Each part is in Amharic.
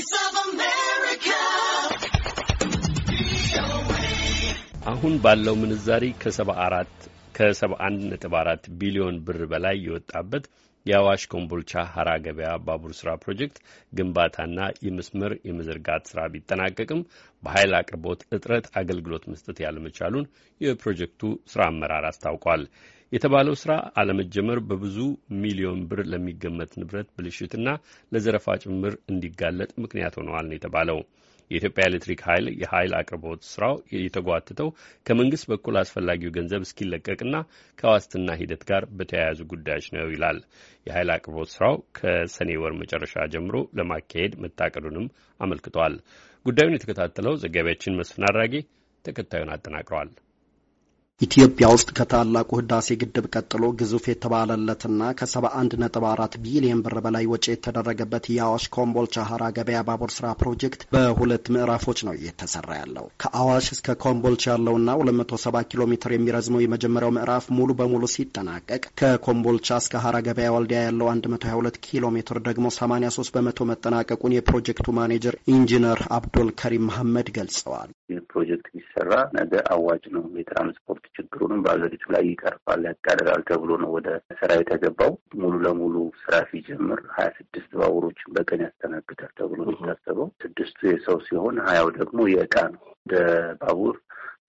Voice of America. አሁን ባለው ምንዛሪ ከ74 ከ71.4 ቢሊዮን ብር በላይ የወጣበት የአዋሽ ኮምቦልቻ ሀራ ገበያ ባቡር ስራ ፕሮጀክት ግንባታና የመስመር የመዘርጋት ስራ ቢጠናቀቅም በኃይል አቅርቦት እጥረት አገልግሎት መስጠት ያለመቻሉን የፕሮጀክቱ ስራ አመራር አስታውቋል። የተባለው ስራ አለመጀመር በብዙ ሚሊዮን ብር ለሚገመት ንብረት ብልሽትና ለዘረፋ ጭምር እንዲጋለጥ ምክንያት ሆነዋል ነው የተባለው። የኢትዮጵያ ኤሌክትሪክ ኃይል የኃይል አቅርቦት ስራው የተጓተተው ከመንግስት በኩል አስፈላጊው ገንዘብ እስኪለቀቅና ከዋስትና ሂደት ጋር በተያያዙ ጉዳዮች ነው ይላል። የኃይል አቅርቦት ስራው ከሰኔ ወር መጨረሻ ጀምሮ ለማካሄድ መታቀዱንም አመልክቷል። ጉዳዩን የተከታተለው ዘጋቢያችን መስፍን አድራጌ ተከታዩን አጠናቅረዋል። ኢትዮጵያ ውስጥ ከታላቁ ህዳሴ ግድብ ቀጥሎ ግዙፍ የተባለለትና ከ71.4 ቢሊዮን ብር በላይ ወጪ የተደረገበት የአዋሽ ኮምቦልቻ ሀራ ገበያ ባቡር ስራ ፕሮጀክት በሁለት ምዕራፎች ነው እየተሰራ ያለው። ከአዋሽ እስከ ኮምቦልቻ ያለውና 27 ኪሎ ሜትር የሚረዝመው የመጀመሪያው ምዕራፍ ሙሉ በሙሉ ሲጠናቀቅ ከኮምቦልቻ እስከ ሀራ ገበያ ወልዲያ ያለው 122 ኪሎ ሜትር ደግሞ 83 በመቶ መጠናቀቁን የፕሮጀክቱ ማኔጀር ኢንጂነር አብዶል ከሪም መሐመድ ገልጸዋል። ፕሮጀክት ቢሰራ ነገ አዋጭ ነው። የትራንስፖርት ችግሩንም በሀገሪቱ ላይ ይቀርፋል፣ ያቃደራል ተብሎ ነው ወደ ስራ የተገባው። ሙሉ ለሙሉ ስራ ሲጀምር ሀያ ስድስት ባቡሮችን በቀን ያስተናግዳል ተብሎ ነው ስድስቱ የሰው ሲሆን ሀያው ደግሞ የእቃ ነው። እንደ ባቡር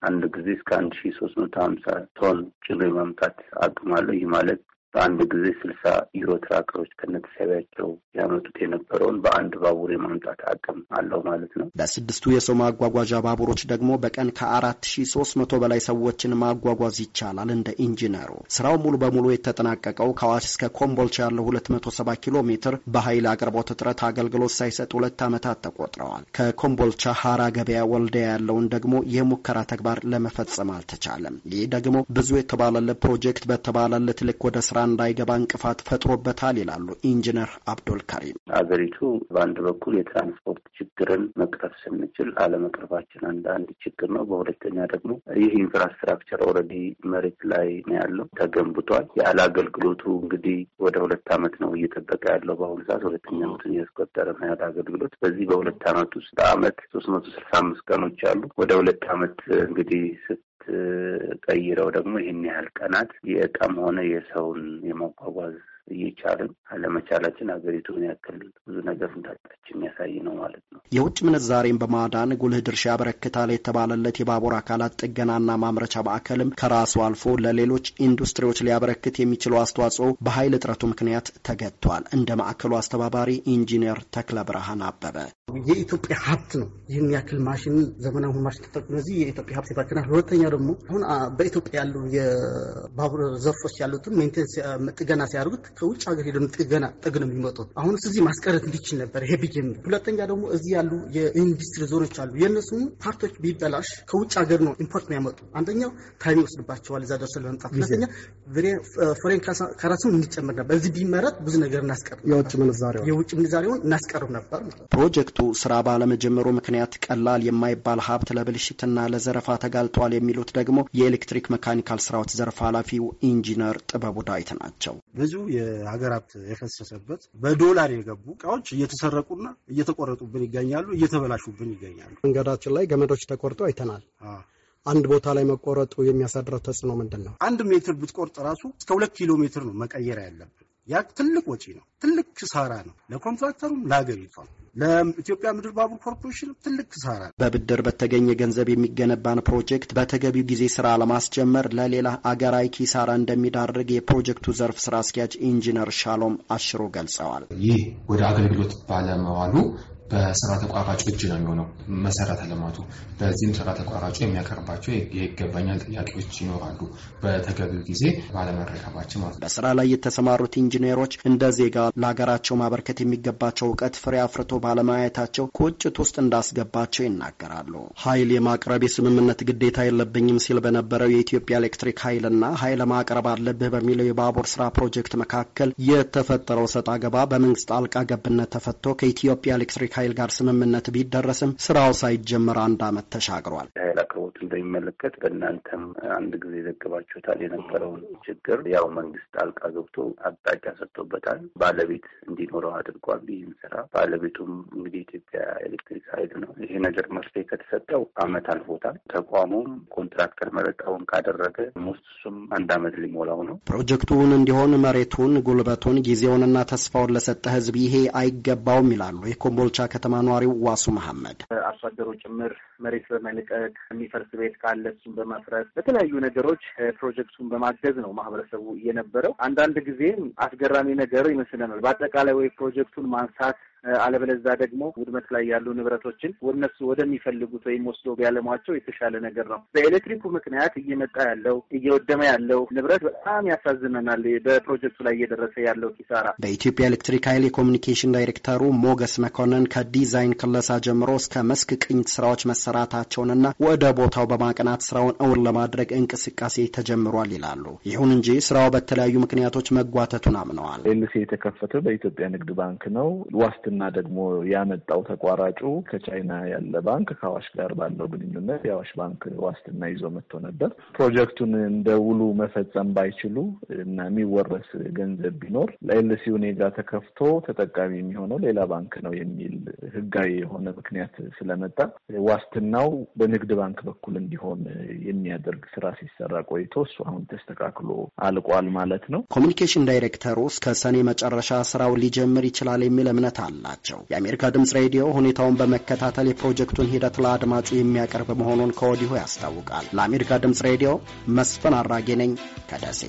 አንድ ጊዜ እስከ አንድ ሺ ሶስት መቶ ሀምሳ ቶን ጭኖ የማምጣት አቅም አለው። ይህ ማለት በአንድ ጊዜ ስልሳ ዩሮ ትራክሮች ከነተሳቢያቸው ያመጡት የነበረውን በአንድ ባቡር የማምጣት አቅም አለው ማለት ነው። በስድስቱ የሰው ማጓጓዣ ባቡሮች ደግሞ በቀን ከአራት ሺ ሶስት መቶ በላይ ሰዎችን ማጓጓዝ ይቻላል። እንደ ኢንጂነሩ ስራው ሙሉ በሙሉ የተጠናቀቀው ከአዋሽ እስከ ኮምቦልቻ ያለው ሁለት መቶ ሰባ ኪሎ ሜትር በኃይል አቅርቦት እጥረት አገልግሎት ሳይሰጥ ሁለት ዓመታት ተቆጥረዋል። ከኮምቦልቻ ሀራ ገበያ ወልዲያ ያለውን ደግሞ የሙከራ ተግባር ለመፈጸም አልተቻለም። ይህ ደግሞ ብዙ የተባለለት ፕሮጀክት በተባለለት ልክ ወደ ስራ እንዳይገባ እንቅፋት ፈጥሮበታል ይላሉ ኢንጂነር አብዶል ካሪም። አገሪቱ በአንድ በኩል የትራንስፖርት ችግርን መቅረፍ ስንችል አለመቅረፋችን አንድ አንድ ችግር ነው። በሁለተኛ ደግሞ ይህ ኢንፍራስትራክቸር ኦልሬዲ መሬት ላይ ነው ያለው፣ ተገንብቷል። ያለ አገልግሎቱ እንግዲህ ወደ ሁለት ዓመት ነው እየጠበቀ ያለው በአሁኑ ሰዓት ሁለተኛ ዓመቱን እያስቆጠረ ነው ያለ አገልግሎት። በዚህ በሁለት አመት ውስጥ በአመት ሶስት መቶ ስልሳ አምስት ቀኖች አሉ። ወደ ሁለት ዓመት እንግዲህ ቀይረው ደግሞ ይህን ያህል ቀናት የእቃም ሆነ የሰውን የማጓጓዝ እየቻልን አለመቻላችን ሀገሪቱን ያክል ብዙ ነገር እንዳጣች የሚያሳይ ነው ማለት ነው። የውጭ ምንዛሬን በማዳን ጉልህ ድርሻ ያበረክታል የተባለለት የባቡር አካላት ጥገናና ማምረቻ ማዕከልም ከራሱ አልፎ ለሌሎች ኢንዱስትሪዎች ሊያበረክት የሚችለው አስተዋጽኦ በኃይል እጥረቱ ምክንያት ተገጥቷል። እንደ ማዕከሉ አስተባባሪ ኢንጂነር ተክለ ብርሃን አበበ የኢትዮጵያ ሀብት ነው። ይህን ያክል ማሽን ዘመናዊ ማሽን ተጠቅሞ እዚህ የኢትዮጵያ ሀብት ይባክናል። ሁለተኛ ደግሞ አሁን በኢትዮጵያ ያሉ የባቡር ዘርፎች ያሉትን ሜንቴንስ ጥገና ሲያደርጉት ከውጭ ሀገር ሄደ ጥገና ጥግ ነው የሚመጡት። አሁን እዚህ ማስቀረት እንዲችል ነበር ይሄ ብዬም። ሁለተኛ ደግሞ እዚህ ያሉ የኢንዱስትሪ ዞኖች አሉ። የእነሱም ፓርቶች ቢበላሽ ከውጭ ሀገር ነው ኢምፖርት የሚያመጡ። አንደኛው ታይም ይወስድባቸዋል እዛ ደርሰው ለመምጣት። ሁለተኛ ፎሬን ከራሱ እንጨምር ነበር። እዚህ ቢመረት ብዙ ነገር እናስቀር የውጭ ምንዛሬውን የውጭ ምንዛሬውን እናስቀርብ ነበር። ፕሮጀክቱ ስራ ባለመጀመሩ ምክንያት ቀላል የማይባል ሀብት ለብልሽትና ለዘረፋ ተጋልጧል የሚሉት ደግሞ የኤሌክትሪክ መካኒካል ስራዎች ዘርፍ ኃላፊው ኢንጂነር ጥበቡ ዳዊት ናቸው። ብዙ የሀገራት የፈሰሰበት በዶላር የገቡ እቃዎች እየተሰረቁና እየተቆረጡብን ይገኛሉ፣ እየተበላሹብን ይገኛሉ። መንገዳችን ላይ ገመዶች ተቆርጦ አይተናል። አንድ ቦታ ላይ መቆረጡ የሚያሳድረው ተጽዕኖ ምንድን ነው? አንድ ሜትር ብትቆርጥ ራሱ እስከ ሁለት ኪሎ ሜትር ነው መቀየር ያለብን። ያ ትልቅ ወጪ ነው፣ ትልቅ ኪሳራ ነው ለኮንትራክተሩም ለሀገሪቷም። ለኢትዮጵያ ምድር ባቡር ኮርፖሬሽን ትልቅ ክሳራ። በብድር በተገኘ ገንዘብ የሚገነባን ፕሮጀክት በተገቢው ጊዜ ስራ ለማስጀመር ለሌላ አገራዊ ኪሳራ እንደሚዳርግ የፕሮጀክቱ ዘርፍ ስራ አስኪያጅ ኢንጂነር ሻሎም አሽሮ ገልጸዋል። ይህ ወደ አገልግሎት ባለመዋሉ በስራ ተቋራጩ እጅ ነው የሚሆነው መሰረተ ልማቱ። በዚህም ስራ ተቋራጩ የሚያቀርባቸው የይገባኛል ጥያቄዎች ይኖራሉ፣ በተገቢው ጊዜ ባለመረከባቸው ማለት ነው። በስራ ላይ የተሰማሩት ኢንጂነሮች እንደ ዜጋ ለሀገራቸው ማበርከት የሚገባቸው እውቀት ፍሬ አፍርቶ ባለማየታቸው ቁጭት ውስጥ እንዳስገባቸው ይናገራሉ። ኃይል የማቅረብ የስምምነት ግዴታ የለብኝም ሲል በነበረው የኢትዮጵያ ኤሌክትሪክ ኃይልና ኃይል ማቅረብ አለብህ በሚለው የባቡር ስራ ፕሮጀክት መካከል የተፈጠረው ሰጥ አገባ በመንግስት ጣልቃ ገብነት ተፈቶ ከኢትዮጵያ ኤሌክትሪክ ኃይል ጋር ስምምነት ቢደረስም ስራው ሳይጀመር አንድ ዓመት ተሻግሯል። ኃይል አቅርቦትን በሚመለከት በእናንተም አንድ ጊዜ ዘግባችሁታል። የነበረውን ችግር ያው መንግስት ጣልቃ ገብቶ አቅጣጫ ሰጥቶበታል። ባለቤት እንዲኖረው አድርጓል። ይህን ስራ ባለቤቱም እንግዲህ ኢትዮጵያ ኤሌክትሪክ ኃይል ነው። ይሄ ነገር መፍትሄ ከተሰጠው አመት አልፎታል። ተቋሙም ኮንትራክተር መረጣውን ካደረገ ሙስሱም አንድ አመት ሊሞላው ነው። ፕሮጀክቱን እንዲሆን መሬቱን፣ ጉልበቱን፣ ጊዜውንና ተስፋውን ለሰጠ ህዝብ ይሄ አይገባውም ይላሉ የኮምቦልቻ ከተማ ኗሪው ዋሱ መሐመድ። አርሶ አደሩ ጭምር መሬት በመልቀቅ የሚፈርስ ቤት ካለ እሱን በመፍረስ በተለያዩ ነገሮች ፕሮጀክቱን በማገዝ ነው ማህበረሰቡ እየነበረው። አንዳንድ ጊዜም አስገራሚ ነገር ይመስለናል። በአጠቃላይ ወይ ፕሮጀክቱን ማንሳት አለበለዛ ደግሞ ውድመት ላይ ያሉ ንብረቶችን ወነሱ ወደሚፈልጉት ወይም ወስዶ ቢያለሟቸው የተሻለ ነገር ነው። በኤሌክትሪኩ ምክንያት እየመጣ ያለው እየወደመ ያለው ንብረት በጣም ያሳዝመናል በፕሮጀክቱ ላይ እየደረሰ ያለው ኪሳራ በኢትዮጵያ ኤሌክትሪክ ኃይል የኮሚኒኬሽን ዳይሬክተሩ ሞገስ መኮንን ከዲዛይን ክለሳ ጀምሮ እስከ መስክ ቅኝት ስራዎች መሰራታቸውንና ወደ ቦታው በማቅናት ስራውን እውን ለማድረግ እንቅስቃሴ ተጀምሯል ይላሉ። ይሁን እንጂ ስራው በተለያዩ ምክንያቶች መጓተቱን አምነዋል። ኤልሲ የተከፈተው በኢትዮጵያ ንግድ ባንክ ነው ዋስት እና ደግሞ ያመጣው ተቋራጩ ከቻይና ያለ ባንክ ከአዋሽ ጋር ባለው ግንኙነት የአዋሽ ባንክ ዋስትና ይዞ መጥቶ ነበር። ፕሮጀክቱን እንደ ውሉ መፈጸም ባይችሉ እና የሚወረስ ገንዘብ ቢኖር ለኤልሲ እኔ ጋር ተከፍቶ ተጠቃሚ የሚሆነው ሌላ ባንክ ነው የሚል ህጋዊ የሆነ ምክንያት ስለመጣ ዋስትናው በንግድ ባንክ በኩል እንዲሆን የሚያደርግ ስራ ሲሰራ ቆይቶ እሱ አሁን ተስተካክሎ አልቋል ማለት ነው። ኮሚኒኬሽን ዳይሬክተሩ እስከ ሰኔ መጨረሻ ስራው ሊጀምር ይችላል የሚል እምነት አለ። አላቸው። የአሜሪካ ድምፅ ሬዲዮ ሁኔታውን በመከታተል የፕሮጀክቱን ሂደት ለአድማጩ የሚያቀርብ መሆኑን ከወዲሁ ያስታውቃል። ለአሜሪካ ድምፅ ሬዲዮ መስፍን አራጌ ነኝ ከደሴ